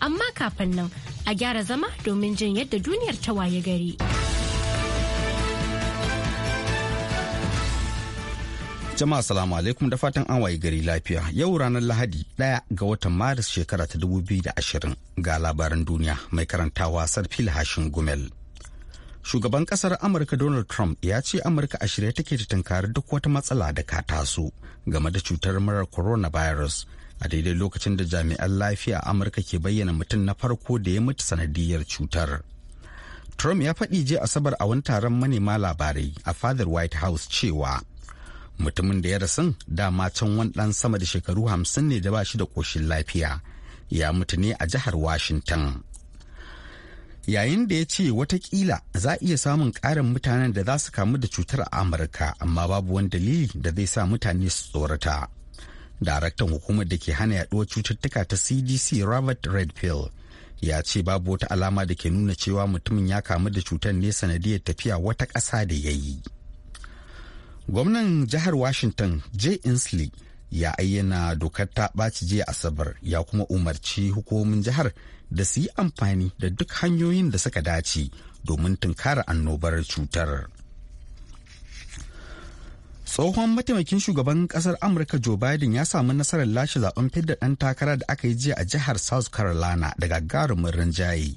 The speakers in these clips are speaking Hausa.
amma kafin nan a gyara zama domin jin yadda duniyar ta waye gari. Jama'a salamu alaikum da fatan an waye gari lafiya yau ranar Lahadi ɗaya ga watan Maris shekara ta 2020 ga labaran duniya mai karantawa Sarfil Hashin Gumel. Shugaban kasar Amurka Donald Trump ya ce Amurka a shirya take ta tunkari duk wata matsala da ka taso game da cutar marar coronavirus a daidai lokacin da jami'an lafiya amurka ke bayyana mutum na farko da ya mutu sanadiyar cutar trump ya faɗi je asabar a wani taron manema labarai a fadar white house cewa mutumin da ya rasu dama can wani ɗan sama da shekaru hamsin ne da ba shi da ƙoshin lafiya ya mutu ne a jihar washington yayin da ya ce watakila za a iya samun ƙarin mutanen da za su kamu da cutar a amurka amma babu wani dalili da zai sa mutane su tsorata daraktan hukumar da ke hana yaduwar cututtuka ta cdc robert redfield ya ce babu wata alama da ke nuna cewa mutumin ya kamu da cutar ne sanadiyar tafiya wata ƙasa da ya yi gwamnan jihar washington jay inslee ya ayyana dokar ta ɓaci jiya asabar ya kuma umarci hukumomin jihar da su yi amfani da duk hanyoyin da suka dace domin tunkara annobar cutar. tsohon mataimakin shugaban kasar amurka joe biden ya samu nasarar lashe zaben fidda ɗan takara da aka yi jiya a jihar south carolina da gagarumin rinjaye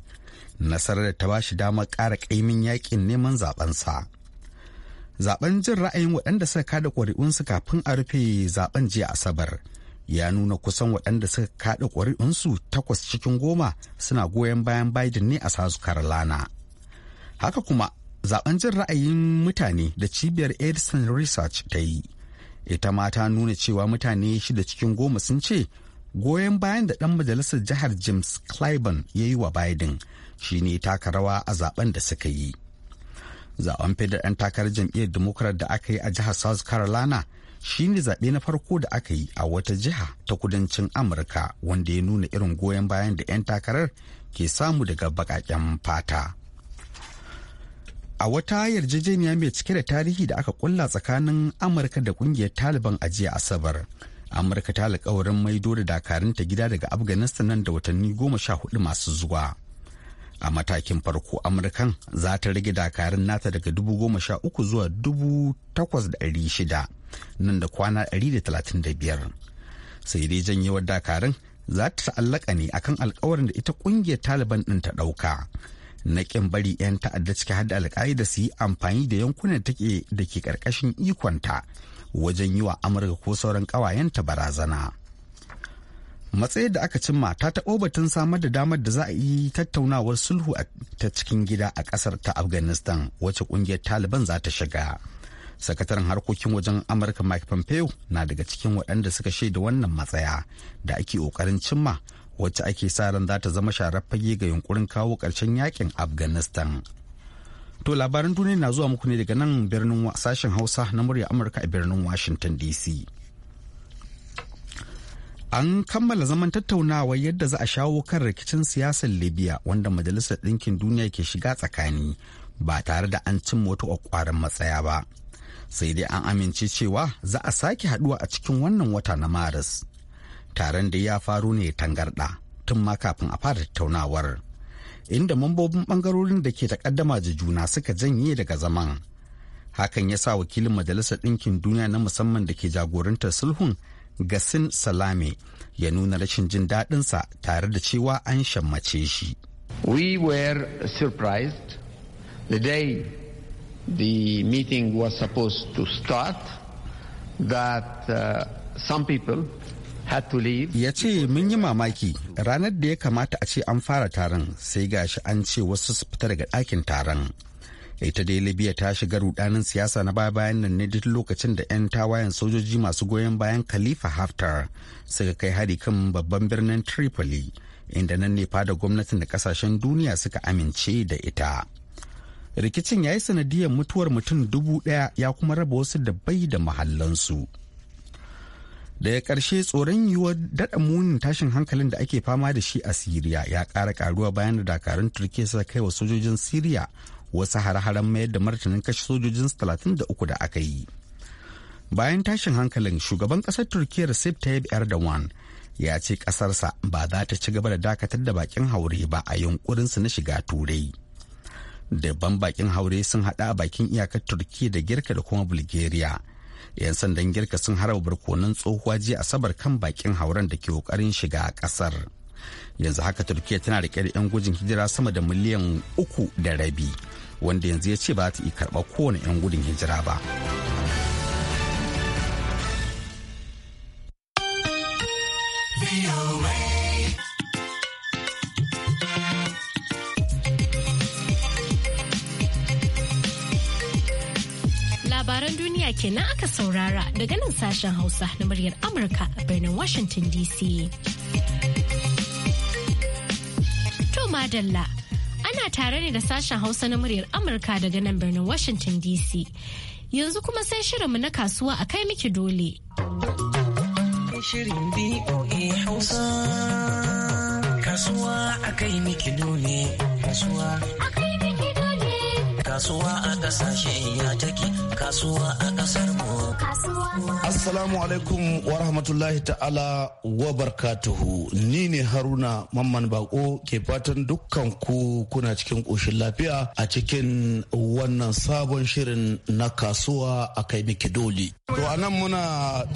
nasarar da ta ba shi damar ƙara kaimin yakin neman zabensa zaben jin ra'ayin waɗanda suka kada ƙuri'unsu kafin a rufe zaben jiya asabar ya nuna kusan waɗanda suka kada ƙuri'unsu takwas cikin goma suna goyon bayan biden ne a south carolina haka kuma zaben jin ra'ayin mutane da cibiyar edison research ta yi ita ma ta nuna cewa mutane shida cikin goma sun ce goyon bayan da ɗan majalisar jihar james clyburn ya yi wa biden shine taka rawa a zaben da suka yi zaben fidar 'yan takarar jam'iyyar democrat da aka yi a jihar south carolina shine zaɓe na farko da aka yi a wata jiha ta kudancin amurka wanda ya nuna irin goyon bayan da 'yan takarar ke samu daga baƙaƙen fata a wata yarjejeniya mai cike da tarihi da aka kulla tsakanin amurka da kungiyar taliban a jiya asabar amurka ta alkawarin maido da dakarunta gida daga afghanistan nan da watanni goma sha hudu masu zuwa a matakin farko amurkan za ta rage dakarun nata daga dubu goma sha uku zuwa dubu takwas da ɗari shida nan da kwana ɗari da talatin da biyar sai dai janyewar dakarun za ta ta'allaka ne akan alkawarin da ita kungiyar taliban ɗin ta ɗauka na kin bari 'yan ta'adda ciki hada da su yi amfani da yankunan take da ke ƙarƙashin ikonta wajen yi wa amurka ko sauran ƙawayenta barazana matsayin da aka cimma ta taɓo batun samar da damar da za a yi tattaunawar sulhu ta cikin gida a ƙasar ta afghanistan wacce ƙungiyar taliban za ta shiga sakataren harkokin wajen amurka mike pompeo na daga cikin waɗanda suka shaida wannan matsaya da ake ƙoƙarin cimma wacce ake sa ran za ta zama sharar fage ga yunkurin kawo ƙarshen yakin afghanistan to labaran duniya na zuwa muku ne daga nan birnin sashen hausa na murya amurka a birnin washington dc an kammala zaman tattaunawa yadda za a shawo kan rikicin siyasar libya wanda majalisar ɗinkin duniya ke shiga tsakani ba tare da an cimma wata kwakwaran matsaya ba sai dai an amince cewa za a sake haduwa a cikin wannan wata na maris taron da ya faru ne tangarɗa tun ma kafin a fara tattaunawar inda mambobin ɓangarorin da ke takaddama da juna suka janye daga zaman hakan ya sa wakilin majalisar ɗinkin duniya na musamman da ke jagorantar sulhun gasin salame ya nuna rashin jin daɗinsa tare da cewa an shammace shi we were surprised the day the meeting was supposed to start that uh, some people ya ce mun yi mamaki ranar da ya kamata a ce an fara taron sai gashi an ce wasu su fita daga ɗakin taron ita dai libya ta shiga rudanin siyasa na baya bayan nan ne duk lokacin da 'yan tawayen sojoji masu goyon bayan khalifa haftar suka kai hari kan babban birnin tripoli inda nan ne fada gwamnatin da kasashen duniya suka amince da ita rikicin ya yi sanadiyar mutuwar mutum dubu ɗaya ya kuma raba wasu da bai da mahallansu. su daga ƙarshe tsoron yiwuwar daɗa munin tashin hankalin da ake fama da shi a siriya ya ƙara ƙaruwa bayan da dakarun turkiya suka kai wa sojojin siriya wasu har haren mayar da martanin kashe sojojin 33 da aka yi bayan tashin hankalin shugaban ƙasar turkiya recep tayyip erdogan ya ce ƙasarsa ba za ta ci gaba da dakatar da bakin haure ba a yunkurinsu na shiga turai dabban bakin haure sun haɗa a bakin iyakar turkiya da girka da kuma bulgaria yan sandan girka sun haraba barkonan tsohuwa jiya asabar kan bakin hauren da ke kokarin shiga kasar yanzu haka turkiya tana riƙe da yan gujin hijira sama da miliyan uku da rabi wanda yanzu ya ce ba ta yi karɓa kowane yan gudun hijira ba. kenan aka saurara daga nan sashen Hausa na muryar Amurka a birnin Washington DC. To madalla ana tare ne da sashen Hausa na muryar Amurka daga nan birnin Washington DC. Yanzu kuma sai shirinmu na kasuwa a kai miki dole. Shirin BOA Hausa kasuwa a kai miki dole kasuwa kasuwa a kasashen ya take kasuwa a kasar mu assalamu alaikum wa rahmatullahi ta'ala wa barakatuhu ni ne haruna mamman bako ke fatan dukkan ku kuna cikin koshin lafiya a cikin wannan sabon shirin na kasuwa a kai miki doli to anan muna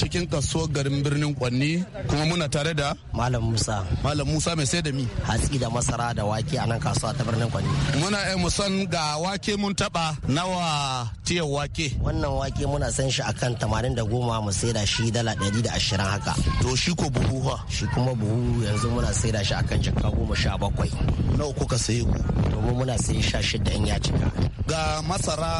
cikin kasuwar garin birnin kwanni kuma muna tare da malam musa malam musa mai sai da mi hatsi da masara da wake a nan kasuwa ta birnin kwanni muna yan eh, musan ga wake mun. mun taba nawa tiyan wake wannan wake muna san shi akan tamanin da goma mu saida shi dala ɗari da ashirin haka to shi ko buhu ha shi kuma buhu yanzu muna saida shi akan jaka goma sha bakwai nawa kuka saye ku domin muna sayi sha shida in ya cika ga masara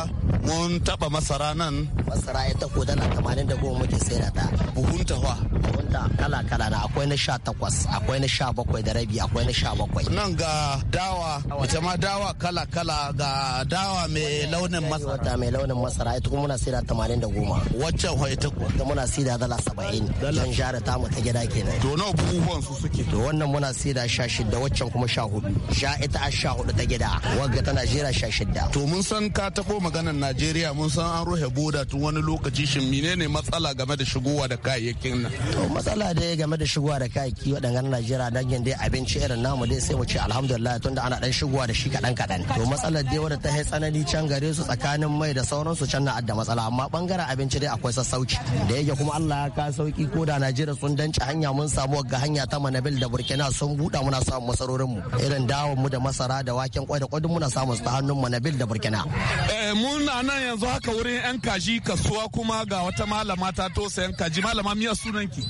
mun taba masara nan masara ya tako dala tamanin da goma muke saida ta buhun tawa wanda kala kala na akwai na sha takwas akwai na sha bakwai da rabi akwai na sha bakwai nan ga dawa ita ma dawa kala kala ga dawa dawa mai launin masara wata mai launin masara ita kuma muna saida tamanin da goma wacce ho ita kuwa muna saida dala saba'in don share ta mu ta gida kenan to nawa buhuhuwan su suke to wannan muna saida sha shida waccan kuma sha hudu sha ita a sha hudu ta gida wagga ta najeriya sha shida to mun san ka taɓo maganar najeriya mun san an ruhe boda tun wani lokaci shin menene matsala game da shigowa da kayayyakin nan to matsala dai game da shigowa da kayayyaki waɗannan najeriya dangin dai abinci irin namu dai sai mu ce alhamdulillah tunda ana dan shigowa da shi kadan kadan to matsalar dai wadda ta hai haitsana tsanani can gare su tsakanin mai da sauransu can na adda matsala amma bangaren abinci dai akwai sassauci da yake kuma Allah ya ka sauki ko da Najeriya sun danci hanya mun samu ga hanya ta Manabil da Burkina sun buɗa muna samun masarorin mu irin dawon mu da masara da waken kwai da kwadin muna samun su ta hannun Manabil da Burkina. Eh muna nan yanzu haka wurin yan kaji kasuwa kuma ga wata malama ta to sayan kaji malama miya sunanki.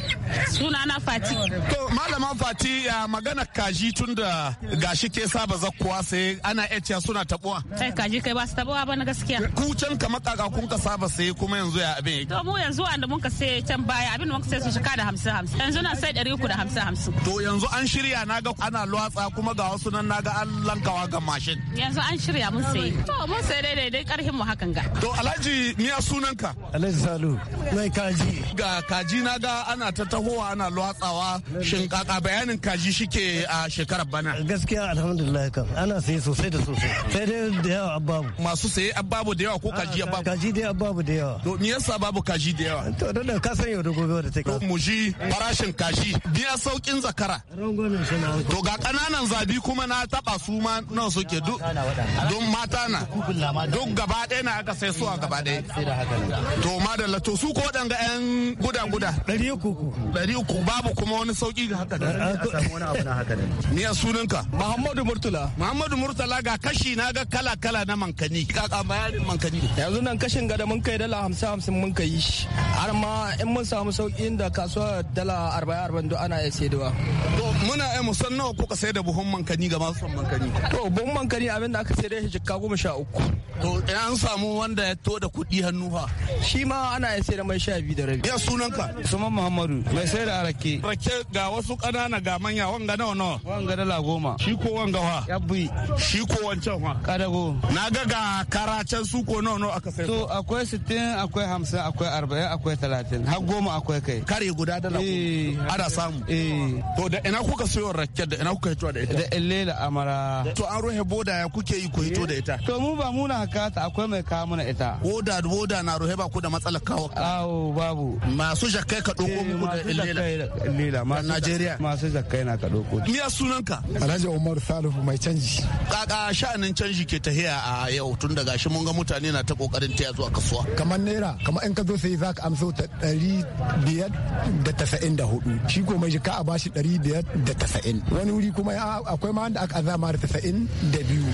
Sunana Fati. To malama Fati magana kaji tun da gashi ke saba zakkuwa sai ana iya suna tabuwa. Kai eh, kaji kai ba su taɓa wa bana gaskiya ku can kamar kaka kun ka saba sai kuma yanzu ya abin to mu yanzu wanda mun ka sai can baya abin mun ka sai su shika da hamsin hamsin yanzu na sai ɗari uku da hamsin hamsin to yanzu an shirya na ga ana luwatsa kuma ga wasu nan na ga an lankawa ga mashin yanzu an shirya mun sai to mun sai daidai dai ƙarfin mu hakan ga to alhaji ni a ka. alhaji salu mai kaji ga kaji na ga ana ta tahowa ana luwatsawa shin kaka bayanin kaji shike a shekarar bana gaskiya alhamdulillah kam ana sai sosai da sosai sai dai da yawa abba babu masu saye babu da yawa ko kaji babu kaji da babu da yawa to me yasa babu kaji da yawa to dan ka san yau da gobe da take mu ji farashin kaji biya saukin zakara to ga kananan zabi kuma na taba su ma na suke duk don mata na duk gaba ɗaya na aka sai su a gaba ɗaya to madalla to su ko ga 'yan guda-guda ɗari uku Dari uku babu kuma wani sauki ga haka da ni a sunanka muhammadu murtala muhammadu murtala ga kashi na ga kala-kala na mankani kaka bayanin mankani yanzu nan kashin gada mun kai dala hamsin hamsin mun kai shi har ma in mun samu sauƙin da kasuwa dala arba'in arba'in duk ana iya saidawa to muna iya musan nawa kuka sai da buhun mankani ga masu son mankani to buhun mankani abin da aka sai da shi goma sha uku to an samu wanda ya to da kuɗi hannu ha shi ma ana iya da mai sha biyu da rabi ya sunanka suman muhammadu mai sai da rake rake ga wasu ƙanana ga manya wanga nawa nawa wanga dala goma shi ko wanga wa yabbi shi ko wancan wa kadago na ga ga karacen su ko nawa nawa aka sai to akwai 60 akwai hamsin akwai 40 akwai talatin har goma akwai kai kare guda da na dala Ada eh. samu eh. to da ina kuka sayo raket da ina kuka hito da ita da illela amara to an ruhe boda ya kuke yi ku hito da ita to mu ba muna haka ta akwai mai kawo mana ita boda boda na ruhe ba ku da matsalar kawo awo babu masu jakkai ka doko eh, muku da illela illela masu Najeriya masu jakkai na ka doko miya sunanka Alhaji Umar Salihu mai canji kaka sha'anin canji ke tahiya a yau tun da shi mun ga mutane na ta kokarin taya zuwa kasuwa kamar naira kamar in ka zo sai za ka amso ta ɗari biyar da tasa'in da hudu shi ko mai ka a bashi ɗari biyar da tasa'in wani wuri kuma akwai ma da aka azama da tasa'in da biyu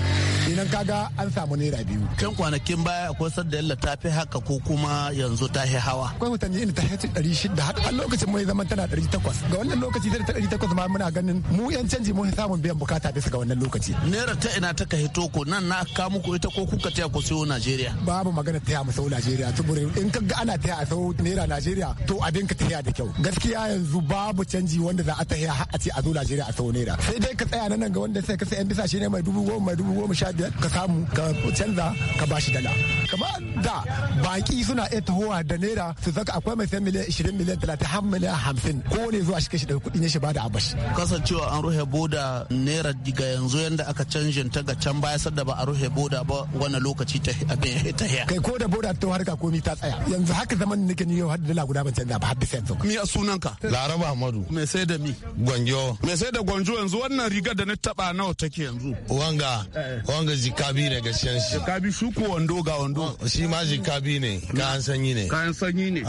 idan kaga an samu naira biyu kan kwanakin baya akwai sadda yalla ta fi haka ko kuma yanzu ta fi hawa akwai mutane inda ta fi ɗari shida har lokacin mai zaman tana ɗari takwas ga wannan lokaci ta ɗari takwas ma muna ganin mu yan canji mun samun biyan bukata bisa ga wannan lokaci naira ta ina ta ka hito ko nan na ka muku siyo ita ko kuka taya ku siyo Najeriya? Babu magana taya mu sau Najeriya saboda in ka ga ana taya a sau naira Najeriya to abin ka taya da kyau. Gaskiya yanzu babu canji wanda za a taya a ce a zo Najeriya a sau naira. Sai dai ka tsaya nan ga wanda sai ka sai yan bisa shi ne mai dubu goma mai dubu goma sha biyar ka samu ka canza ka bashi dala. Kamar da baki suna iya tahowa da naira su zaka akwai mai sai miliyan ishirin miliyan talatin har miliyan hamsin ko ne zuwa shi kashi da kuɗi ne shi bada abashi. Kasancewa an ruhe boda naira diga yanzu yanda aka canjin ta ga can baya sadda ba a ruhe boda ba wannan lokaci ta ta haya kai ko da boda ta harka komi ta tsaya yanzu haka zaman da nake yau har da guda ban canza ba har da yanzu mi a sunanka laraba amadu me sai da mi gwanjo me sai da gwanjo yanzu wannan rigar da na taba nawa take yanzu wanga eh. wanga jikabi ne gaskiyan shi jikabi su ko wando ga wando oh, shi ma jikabi ne kayan sanyi ne kayan sanyi ne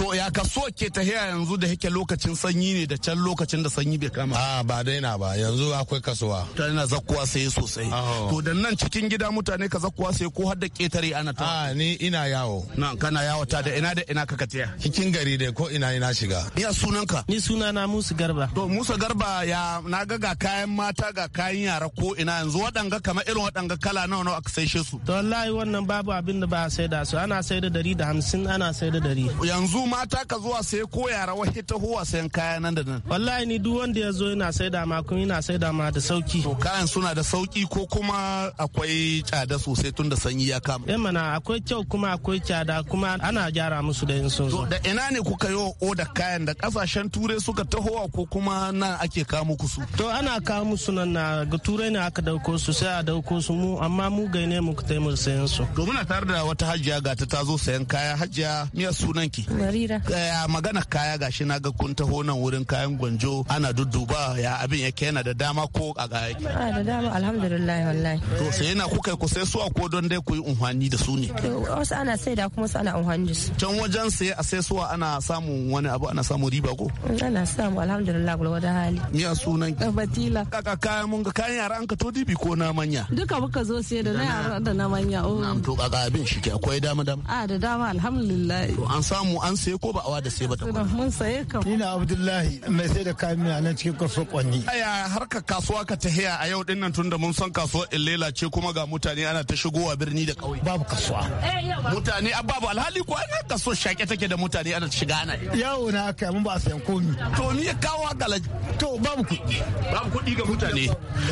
to ya ka so ke ta haya yanzu da yake lokacin sanyi ne da can lokacin da sanyi bai kama a ah, ba daina ba yanzu akwai kasuwa tana zakkuwa sai sosai to da nan cikin gida mutane mutane kaza zakuwa sai ko har da ketare ana ta. A ah, ni ina yawo. Na kana yawo ta da ina da ina ka tiya. Cikin gari dai ko ina ina shiga. Ni a sunanka. Ni sunana Musa Garba. To Musa Garba ya na ga ga kayan mata ga kayan yara ko ina yanzu waɗanga kamar irin waɗanga kala nawa nawa aka saishe su. To wallahi wannan babu abin da ba a saida su ana saida dari da hamsin ana saida dari. Yanzu mata ka zuwa sai ko yara wahi ta huwa sayan kaya nan da nan. Wallahi ni duk wanda ya zo yana saida ma kuma yana saida ma da sauki. To kayan suna da sauki ko kuma akwai tsada. tsada sosai tun da sanyi ya kama. Eh mana akwai kyau kuma akwai tsada kuma ana gyara musu da yin sun zo. Da ina ne kuka yi wa oda kayan da kasashen turai suka tahowa ko kuma nan ake kawo muku su. To ana kawo musu nan na ga turai ne aka dauko su sai a dauko su mu amma mu gai ne muka mu sayan su. To muna tare da wata hajiya ga ta tazo sayan kaya hajiya miya sunan ki. Marira. Eh magana kaya gashi na ga kun taho nan wurin kayan gwanjo ana dudduba ya abin yake yana da dama ko a ga yake. da dama alhamdulillah wallahi. To sai yana kuka ku sai su ko don dai ku yi unhwani da su ne wasu ana sai da kuma su ana unhwani da su can wajen sai a sai suwa ana samun wani abu ana samun riba ko ana samu alhamdulillah gurgurdan hali miya sunan eh, batila kaka kayan mun ga kayan yara an ka to dibi ko na manya duka muka zo sai da na yara da na manya oh na to kaka abin shi ke akwai dama dama a ah, da dama alhamdulillah to an samu an sai ko ba awa da sai ba ta mun saye kam na abdullahi mai sai da kayan miya nan cikin kwaso kwanni aya harkar kasuwa ka tahiya a yau dinnan tunda mun san kasuwar illela ce kuma ga mutane mutane ana ta shigowa birni da ƙauye babu kasuwa eh, mutane a babu alhali ko ana kaso shake take da mutane ana shiga ana yawo na aka mun ba a sayan komi to ni ya kawo gala to babu kuɗi babu kuɗi ga mutane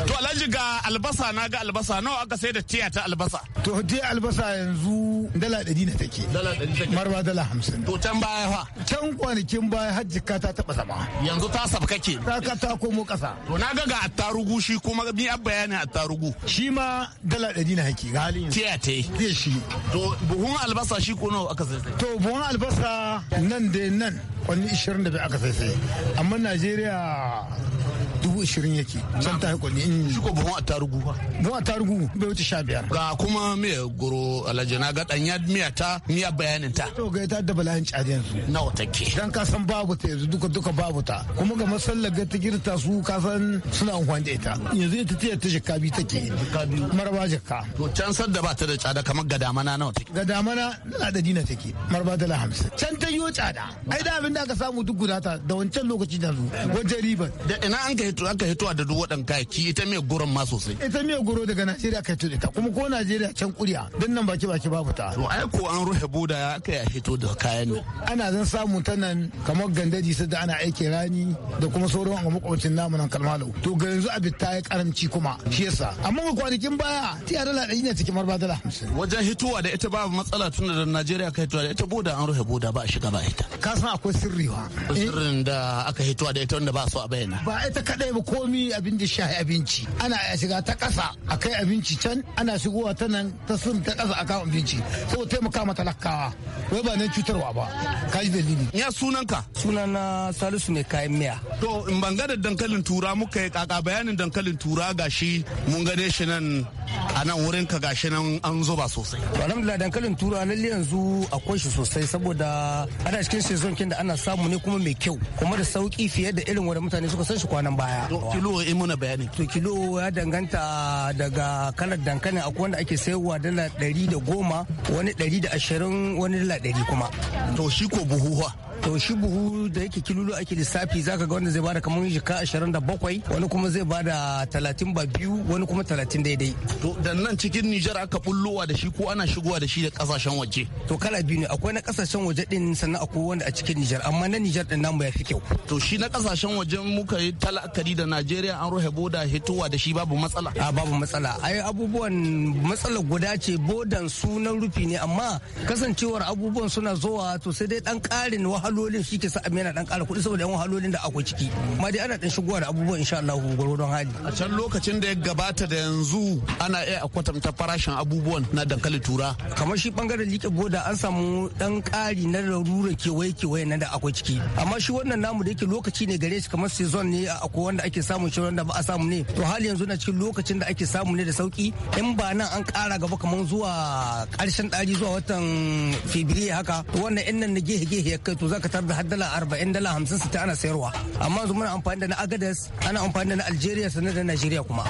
to alhaji ga albasa na ga albasa nawa aka sai da tiya ta albasa to dai albasa yanzu dala ɗari na take dala ɗari take marwa dala hamsin to can baya fa can kwanakin baya hajjika ta taɓa zama yanzu ta sabkake ta ka ta komo ƙasa to na ga ga attarugu shi kuma ni a bayani attarugu shi ma dala ɗari na haki halin tiya ta zai shi to buhun albasa shi ko nawa aka sai to buhun albasa nan da nan kwanni 20 25 aka sai sai amma najeriya dubu ishirin yake san ta ne shi ko buhun attarugu buhun attarugu bai wuce sha biyar ga kuma miya goro alhaji na ga ɗanya miya ta miya bayanin ta to ga ita da balahin cari yanzu nawa take dan ka san babu ta yanzu duka duka babu ta kuma ga masallar ga ta girta su ka san suna amfani da ita yanzu ita ta ta jikka biyu take maraba jikka to can da ba ta da tsada kamar gadamana nawa take gadamana na da dina take maraba dala hamsin can ta yi tsada ai da abin da aka samu duk gudata da wancan lokaci da zu wajen ribar da ina an kai aka hito da duk waɗan kayaki ita mai gurin ma sosai ita mai goro daga najeriya aka hito da ita kuma ko najeriya can kuriya don nan baki baki babu ta to ai ko an ruhe boda ya aka ya hito da kayan ana zan samu ta nan kamar gandaji su da ana aiki rani da kuma sauran a makwabcin namu nan kalmalo to ga yanzu abin ta ya karamci kuma shi yasa amma ga kwanakin baya tiya dala ɗari ne cikin marba dala wajen hitowa da ita babu matsala tun da najeriya ka hitowa da ita boda an ruhe boda ba a shiga ba ita ka san akwai sirri wa sirrin da aka hitowa da ita wanda ba su a bayyana ba ita ba komi abin da shi abinci ana shiga ta kasa a kai abinci can ana shigowa ta nan ta sun ta kasa a kan abinci saboda taimaka ma talakawa wai ba nan cutarwa ba ka da dalili. ya sunanka. na salisu ne kayan miya. to in banga da dankalin tura muka yi kaka bayanin dankalin tura gashi mun gane shi nan a nan wurin ka gashi nan an zuba sosai. alhamdulillah dankalin tura lalle yanzu akwai shi sosai saboda ana cikin season kin da ana samu ne kuma mai kyau kuma da sauki fiye da irin wanda mutane suka san shi kwanan baya. baya. Kilo in muna bayani. To kilo ya danganta daga kalar dankalin akwai wanda ake sayarwa dala ɗari da goma wani ɗari da ashirin wani dala ɗari kuma. To shi ko buhuwa. to shi buhu da yake kilulu ake lissafi zaka ga wanda zai bada kamar jika bakwai wani kuma zai bada talatin ba biyu wani kuma talatin daidai to da nan cikin Nijar aka fullowa da shi ko ana shigowa da shi da kasashen waje to kala biyu ne akwai na kasashen waje din sannan akwai wanda a cikin Nijar amma na Nijar din ya fi kyau to shi na kasashen waje muka yi hankali da najeriya an ruhe boda hitowa da shi babu matsala a babu matsala ai abubuwan matsalar guda ce bodan sunan rufi ne amma kasancewar abubuwan suna zuwa to sai dai dan karin wahalolin shi ke sa amina dan kara kudi saboda yan wahalolin da akwai ciki amma dai ana dan shigowa da abubuwan insha Allah gwargwadon hali a can lokacin da ya gabata da yanzu ana iya kwatanta farashin abubuwan na dankalin tura kamar shi bangaren liƙe boda an samu dan kari na larura kewaye kewaye na da akwai ciki amma shi wannan namu da yake lokaci ne gare shi kamar season ne a akwai wanda ake samun shi wanda ba a samu ne to hali yanzu na cikin lokacin da ake samu ne da sauki in ba nan an kara gaba kamar zuwa karshen dari zuwa watan fibiri haka to wannan in nan na gehe gehe kai to zaka tar da har dala 40 dala 50 60 ana sayarwa amma yanzu muna amfani da na agadas ana amfani da na algeria sannan da nigeria kuma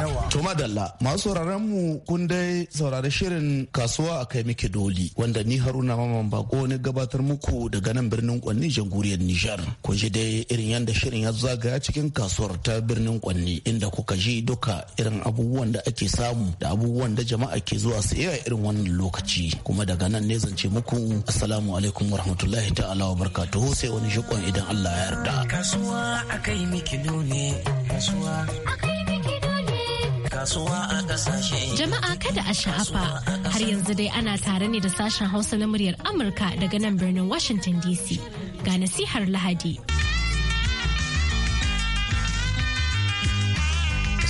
yawa to madalla masu sauraron mu kun dai saurari shirin kasuwa a kai miki doli wanda ni haruna maman bako ne gabatar muku daga nan birnin kwanni jamhuriyar nijar kun ji dai irin yanda shirin ya zagaya cikin cikin kasuwar ta birnin Kwanni inda kuka ji duka irin abubuwan da ake samu da abubuwan da jama'a ke zuwa saya irin wannan lokaci kuma daga nan ne zance muku assalamu alaikum warahmatullahi ta'ala wa barakatuhu sai wani shikon idan Allah ya yarda kasuwa akai miki ne. kasuwa Jama'a kada a sha'afa har yanzu dai ana tare ne da sashen Hausa na muryar Amurka daga nan birnin Washington DC ga nasihar Lahadi.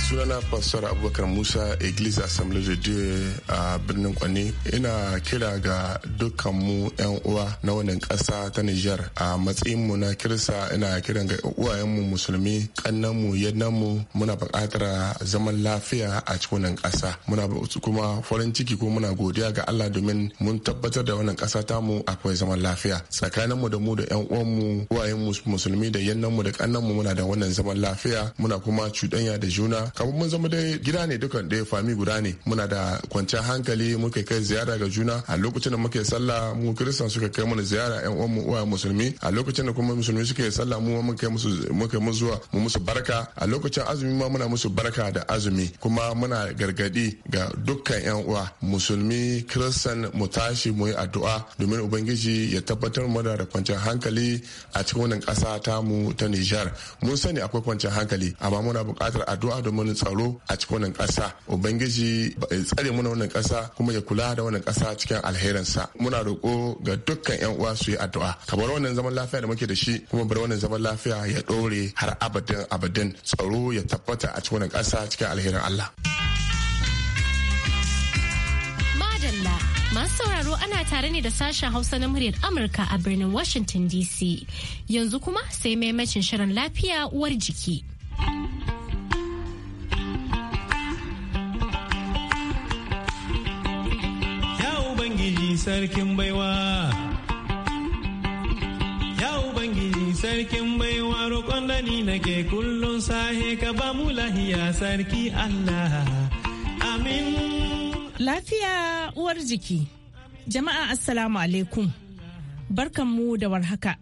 sunana pastor abubakar musa iglesia assembly de dieu a birnin kwane ina kira ga dukkan mu yan uwa na wannan ƙasa ta niger a matsayin mu na kirsa ina kiran ga uwayen mu musulmi kannan mu yannan mu muna buƙatar zaman lafiya a cikin wannan ƙasa muna kuma farin ciki ko muna godiya ga Allah domin mun tabbatar da wannan kasa ta mu akwai zaman lafiya tsakanin mu da mu da yan uwan mu uwayen mu musulmi da yannan mu da kannan mu muna da wannan zaman lafiya muna kuma cuɗanya da juna kamar mun zama dai gida ne dukan ɗaya fami guda ne muna da kwanciyar hankali muka kai ziyara ga juna a lokacin da muke sallah mu kristan suka kai mana ziyara yan uwan mu uwa musulmi a lokacin da kuma musulmi suke sallah mu mun kai musu muka mu zuwa mu musu barka a lokacin azumi ma muna musu barka da azumi kuma muna gargadi ga dukkan yan uwa musulmi kristan mu tashi mu yi addu'a domin ubangiji ya tabbatar mana da kwanciyar hankali a cikin wannan kasa ta mu ta Nijar mun sani akwai kwanciyar hankali amma muna buƙatar addu'a domin wani tsaro a cikin wannan ƙasa ubangiji ya tsare muna wannan ƙasa kuma ya kula da wannan kasa cikin alherinsa muna roko ga dukkan yan uwa su yi addu'a ka bar wannan zaman lafiya da muke da shi kuma bar wannan zaman lafiya ya ɗore har abadin abadin tsaro ya tabbata a cikin wannan ƙasa cikin alherin Allah. Madalla Masu sauraro ana tare ne da sashen Hausa na muryar Amurka a birnin Washington DC. Yanzu kuma sai maimacin shirin lafiya uwar jiki. sarkin baiwa. Ya Ubangiji sarkin baiwa roƙon da ni nake kullum sahe ka ba mu lahiya sarki Allah. Amin. Lafiya uwar jiki. Jama'a Assalamu alaikum. Barkanmu da warhaka.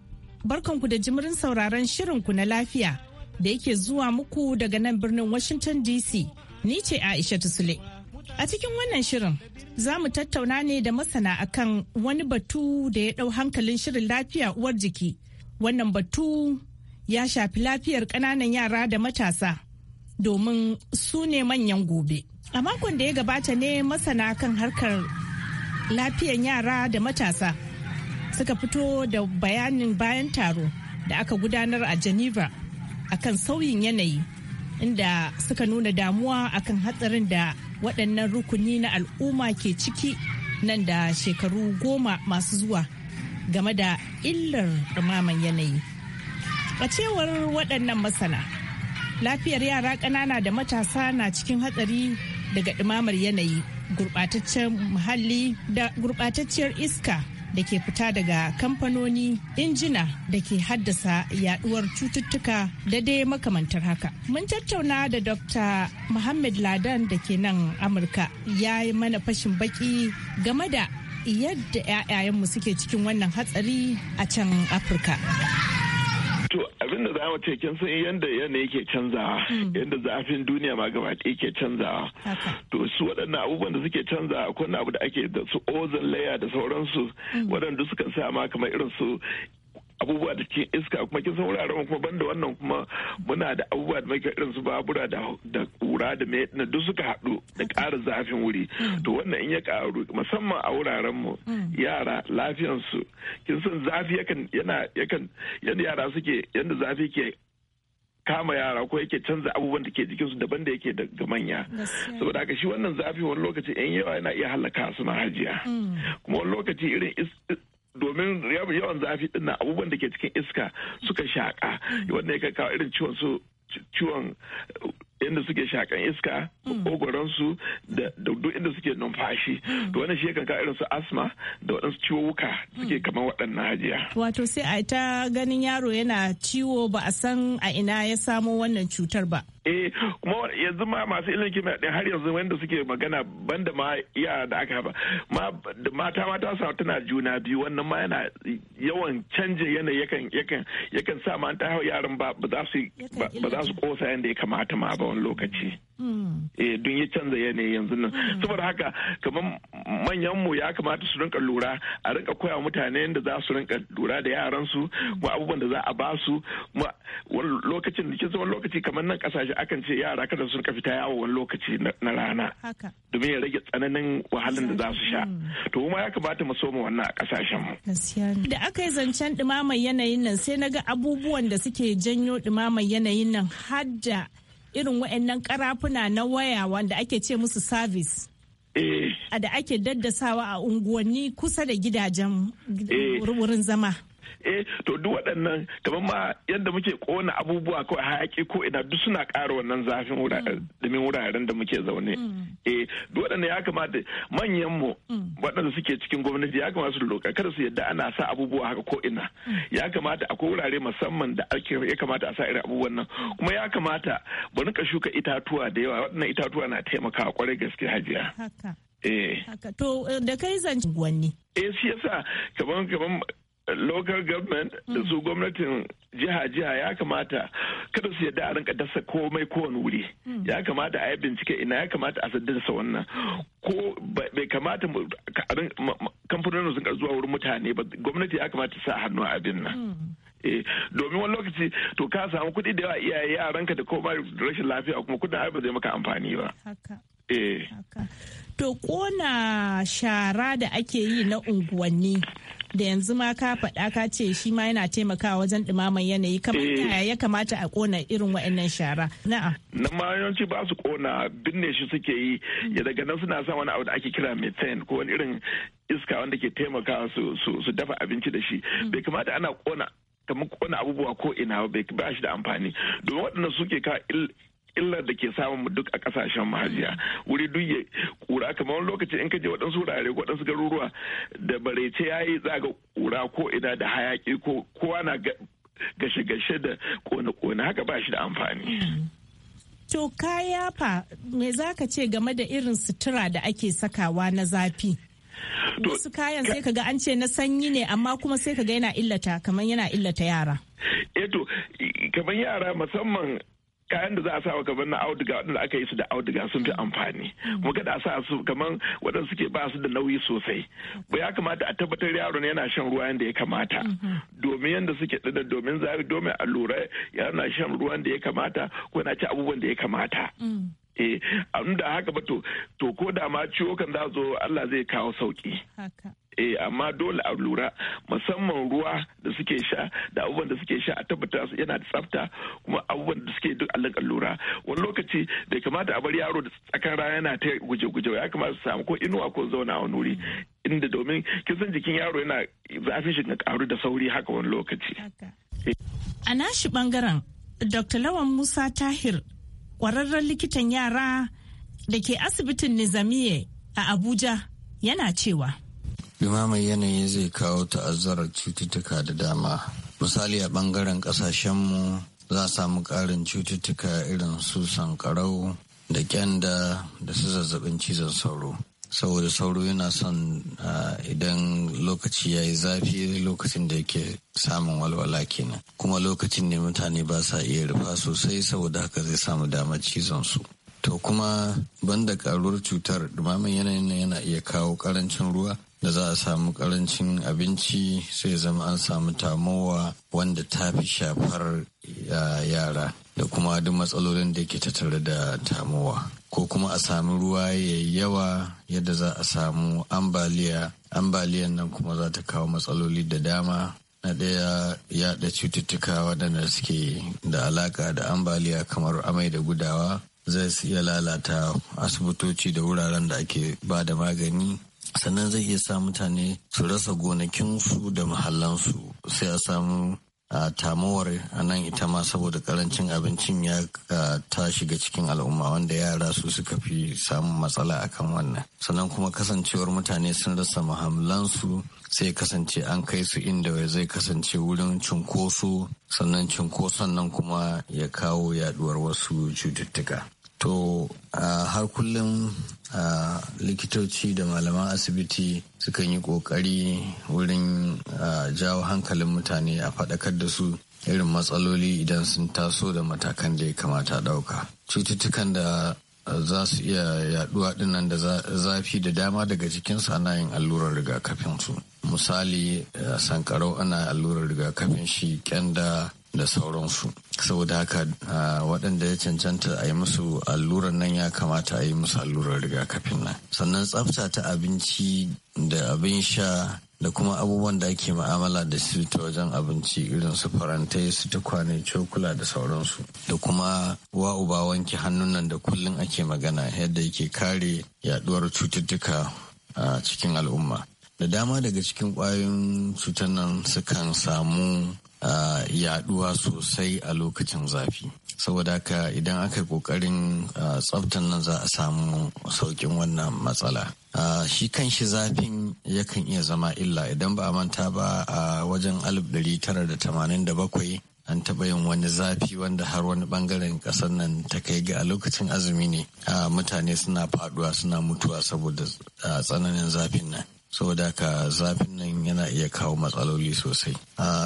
Barkanku da jimirin sauraron shirinku na lafiya da yake zuwa muku daga nan birnin Washington DC. Ni ce Aisha Sule. A cikin wannan shirin za mu tattauna ne da masana akan wani batu da ya ɗau hankalin shirin lafiya uwar jiki. Wannan batu ya shafi lafiyar ƙananan yara da matasa domin su ne manyan gobe. A makon da ya gabata ne masana kan harkar lafiyan yara da matasa suka fito da bayanin bayan taro da aka gudanar a Geneva akan sauyin yanayi inda suka nuna damuwa akan hatsarin da waɗannan rukuni na al'umma ke ciki nan da shekaru goma masu zuwa game da illar ɗumaman yanayi. A cewar waɗannan masana, lafiyar yara ƙanana da matasa na cikin hatsari daga ɗumamar yanayi, gurɓataccen muhalli da gurɓatacciyar iska da ke fita daga kamfanoni injina da ke haddasa yaduwar cututtuka da dai makamantar haka mun tattauna da dr muhammad ladan da ke nan amurka ya yi mana fashin baki game da yadda 'ya'yayenmu suke cikin wannan hatsari a can afirka ya wace sun san yanda yana yake canzawa hmm. yadda zafin duniya ma gaba ɗaya ke canzawa to su waɗannan abubuwan da suke canza akwai abu da ake da su ozon laya da sauransu hmm. waɗanda suka sa ma kamar irin su abubuwa da cikin iska kuma kin sauraron kuma banda wannan kuma muna da abubuwa da muke irin su babura da da kura da me duk suka haɗu da ƙara zafin wuri hmm. to wannan in ya ƙaru musamman a wuraren mu hmm. yara su kin san zafi yakan yana yakan yanda yara suke yanda zafi ke kama yara ko yake canza abubuwan da ke jikinsu daban da yake daga manya saboda haka shi wannan zafi wani lokaci yan yawa yana iya halaka su na hajiya hmm. kuma wani lokaci irin domin yawan zafi din abubuwan da ke cikin iska suka shaƙa wanda ya kawo irin ciwon su ciwon inda suke shakan iska mm. makogoransu da duk inda suke numfashi mm. to wannan shi kan irin su asma da waɗansu wuka suke mm. kamar waɗannan hajiya wato sai a ta ganin yaro yana ciwo ba a san a ina ya samo wannan cutar ba eh kuma yanzu ma masu ilimin kimiyya din har yanzu wanda suke magana banda ma iya da aka haifa mata mata sa tana juna biyu wannan ma yana yawan canje yanayi yakan yakan sa ma an ta yaran ba ba za su kosa yanda ya kamata ma ba wani lokaci Mm. eh don ya canza yanayi yanzu nan mm. saboda haka kamar manyan mu ya kamata su rinka lura a rinka koya mutane yadda za su rinka lura da yaran su kuma abubuwan da za a ba su wani lokacin da zama lokaci kamar nan kasashe akan ce yara kada su rinka fita yawo wani lokaci na rana domin ya rage tsananin wahalan da za su sha mm. to kuma ya kamata mu so mu wannan a kasashen mu da aka yi zancen dumamar yanayin nan sai na ga abubuwan da suke janyo dumamar yanayin nan hadda. irin waɗannan karafuna na waya wanda ake ce musu service eh. da ake daddasawa a unguwanni kusa da gidajen eh. wurin zama eh to duk waɗannan kamar ma yadda muke kona abubuwa ko hayaki ko ina duk suna ƙara wannan zafin domin mm. wuraren da muke zaune mm. eh duk waɗannan ya kamata manyan mu mm. waɗanda suke cikin gwamnati ya kamata su roƙa kada su yadda ana sa abubuwa haka ko ina ya kamata akwai wurare musamman da ake ya kamata a sa irin abubuwan nan kuma ya kamata ba rinka shuka itatuwa da yawa waɗannan itatuwa na taimakawa kwarai gaske hajiya haka eh haka to eh, da kai zan gwanni eh shi yasa kaman kaman local government da mm. su gwamnatin jiha-jiha ya kamata kada su yadda a rinka dasa komai kowane wuri mm. ya kamata a yi bincike ina ya kamata a sa wannan ko bai kamata kamfanonin sun zuwa wurin mutane ba gwamnati ya kamata sa hannu a abin nan mm. eh, domin wani lokaci to ka samu kuɗi da yawa iyaye yaranka da koma rashin lafiya kuma kudin ba zai maka amfani ba eh. to kona shara da ake yi na unguwanni da yanzu ma ka faɗa ka ce shi ma yana taimakawa wajen ɗumaman yanayi kamar eh. yaya ya kamata a kona irin wa'annan shara na'a na ma yawanci ba su kona binne shi suke yi ya daga nan suna sa wani abu da ake kira methane ko wani irin iska wanda ke taimakawa su dafa abinci da shi mm. bai kamata ana kona kamar kona abubuwa ko ina ba shi da amfani domin waɗannan suke ka illar da ke samun mu duk a kasashen mahajiya wuri duk ya kura kamar wani lokaci in ka je waɗansu wurare waɗansu garuruwa da barece yayi yi ga kura ko ina da hayaki ko kowa na gashe-gashe da kone-kone haka ba shi da amfani. To kaya fa me za ka ce game da irin sutura da ake sakawa na zafi? Wasu kayan sai kaga an ce na sanyi ne amma kuma sai kaga yana illata kamar yana illata yara. Eto eh kamar yara musamman kayan da za a sawa kamar na auduga waɗanda aka yi su da auduga sun fi amfani mu ga da sa su kamar waɗanda suke ba su da nauyi sosai ba ya kamata a tabbatar yaro ne yana shan ruwa yadda ya kamata domin yadda suke da domin zafi domin allura yana shan ruwa da ya kamata ko yana ci abubuwan da ya kamata eh da haka ba to to ko da ma ciwo kan za zo Allah zai kawo sauki haka eh amma dole a lura musamman ruwa da suke sha da abubuwan da suke sha a tabbata yana da tsafta kuma abubuwan da suke duk allaka lura wani lokaci da kamata a bar yaro da tsakan rana yana ta guje-guje ya kamata su samu ko inuwa ko zauna a wuri inda domin kin jikin yaro yana zafin shi ga karu da sauri haka wani lokaci eh. a nashi bangaren dr lawan musa tahir kwararren likitan yara da ke asibitin nizamiye a abuja yana cewa Dumamar yanayi zai kawo ta'azzarar cututtuka da dama. Misali a ɓangaren ƙasashenmu za a samu ƙarin cututtuka irin su sankarau da kyanda da su zazzabin cizon sauro. Saboda sauro yana son idan lokaci ya yi zafi lokacin da yake samun walwala kenan. Kuma lokacin ne mutane ba sa iya rufa sosai saboda haka zai samu damar cizon su. To kuma banda karuwar cutar dumamin yanayin yana iya kawo ƙarancin ruwa da za a samu karancin abinci sai zama an samu tamowa wanda ta fi shafar yara da kuma duk matsalolin da ke tattare da tamowa ko kuma a samu ruwa ya yawa yadda za a samu ambaliya ambaliyan nan kuma za ta kawo matsaloli da dama na ɗaya yaɗa cututtuka waɗanda suke da alaƙa da ambaliya kamar amai da gudawa zai iya lalata asibitoci da wuraren da ake ba da magani sannan zai iya sa mutane su rasa gonakinsu da mahallansu sai a samu a tamuwar a nan ita ma saboda karancin abincin ya ta shiga cikin al'umma wanda yara su suka fi samun matsala akan wannan sannan kuma kasancewar mutane sun rasa mahamlansu sai kasance an kai su inda zai kasance wurin cunkoso sannan cunkoson nan kuma ya kawo yaduwar wasu cututtuka to har kullum likitoci da malaman asibiti sukan yi ƙoƙari wurin jawo hankalin mutane a faɗakar da su irin matsaloli idan sun taso da matakan da ya kamata ɗauka cututtukan da za su iya yaɗuwa dinnan da zafi da dama daga cikinsu ana yin allurar rigakafin su misali sankarau ana allurar rigakafin shi kyanda da sauransu saboda haka waɗanda ya cancanta a yi musu allurar nan ya kamata a yi musu allurar rigakafin nan sannan tsafta ta abinci da abin sha da kuma abubuwan da ake ma'amala da su ta wajen abinci irin su farantai su tukwane cokula da sauransu da kuma wa uba wanke hannun nan da kullum ake magana yadda yake kare yaduwar cututtuka a cikin al'umma da dama daga cikin kwayoyin cutar nan sukan samu yaduwa sosai a lokacin zafi saboda haka idan aka yi kokarin tsaftan nan za a samu saukin wannan matsala shi kan shi zafin yakan iya zama illa idan ba a manta ba a wajen 1987 an taɓa yin wani zafi wanda har wani bangaren ƙasar nan ta kai ga a lokacin azumi ne mutane suna faduwa suna mutuwa saboda tsananin zafin nan saboda ka zafin nan yana iya kawo matsaloli sosai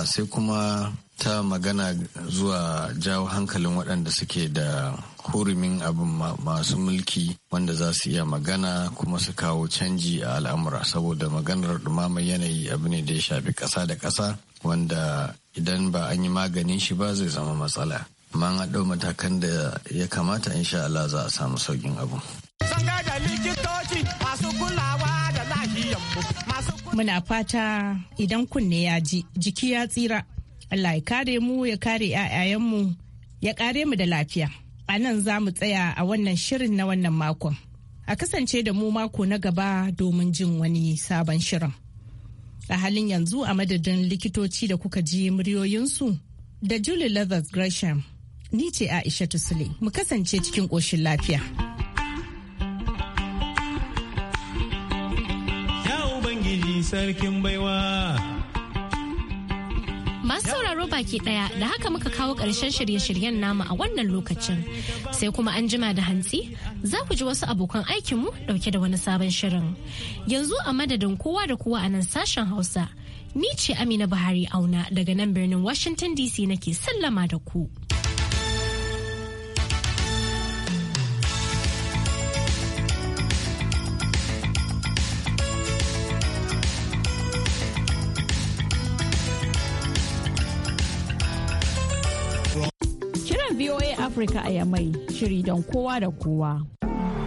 sai kuma ta magana zuwa jawo hankalin waɗanda suke da hurumin abin masu mulki wanda za su iya magana kuma su kawo canji a al'amura saboda maganar dumamar yanayi abu ne da ya shafi ƙasa da ƙasa wanda idan ba an yi maganin shi ba zai zama matsala amma an haɗo matakan da ya kamata insha Allah za a samu saukin abu. Sanga da likitoci masu kula muna fata idan kunne ya ji jiki ya tsira Allah ya kare mu ya kare mu ya kare mu da lafiya a nan za mu tsaya a wannan shirin na wannan makon a kasance da mu mako na gaba domin jin wani sabon shirin a halin yanzu a madadin likitoci da kuka ji muryoyinsu da julie leathers gresham ni ce aisha tusule mu kasance cikin ƙoshin lafiya. sarkin baiwa. Masu sauraro baki ɗaya da haka muka kawo ƙarshen shirye-shiryen nama a wannan lokacin. Sai kuma an jima da hantsi za ku ji wasu abokan aikinmu ɗauke da wani sabon shirin. Yanzu a madadin kowa da kowa a nan sashen Hausa. Ni ce Amina Buhari auna daga nan birnin Washington DC nake sallama da ku. Afirka a Yamai, shiri don kowa da kowa.